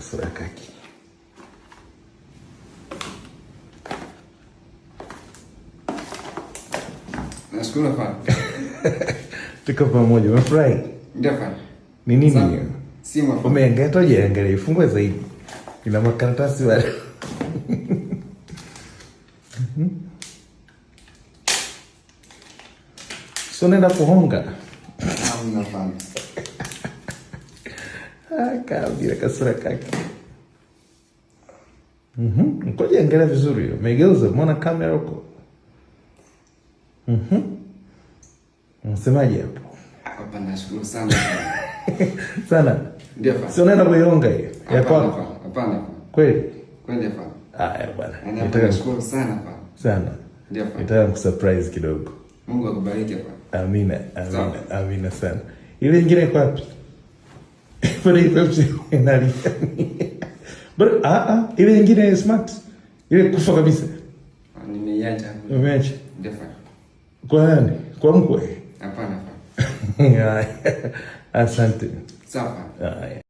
Sorakaki. Nashukuru fana. Tuko pamoja, umefurahi? Ndio fana. Ni nini hiyo? Si mwa. Umeangalia toje, angalia ifungue zaidi. Ina makaratasi wale. Mhm. Sio naenda kuhonga. Hamna fana. Bila kasura kaki. Mhm. Ngoja angalia vizuri hiyo. Megeuza, umeona kamera huko? Mhm. Unasemaje hapo? sana. Sana. kuionga hiyo. Ya kwako. kusurprise kidogo. Amina. Amina. Amina sana. Ile nyingine iko But ah ah, ile nyingine smart. Ile kufa kabisa. Nimeiacha. Nimeiacha. Defa. Kwa Kwa mkwe? Hapana. Asante. Sawa.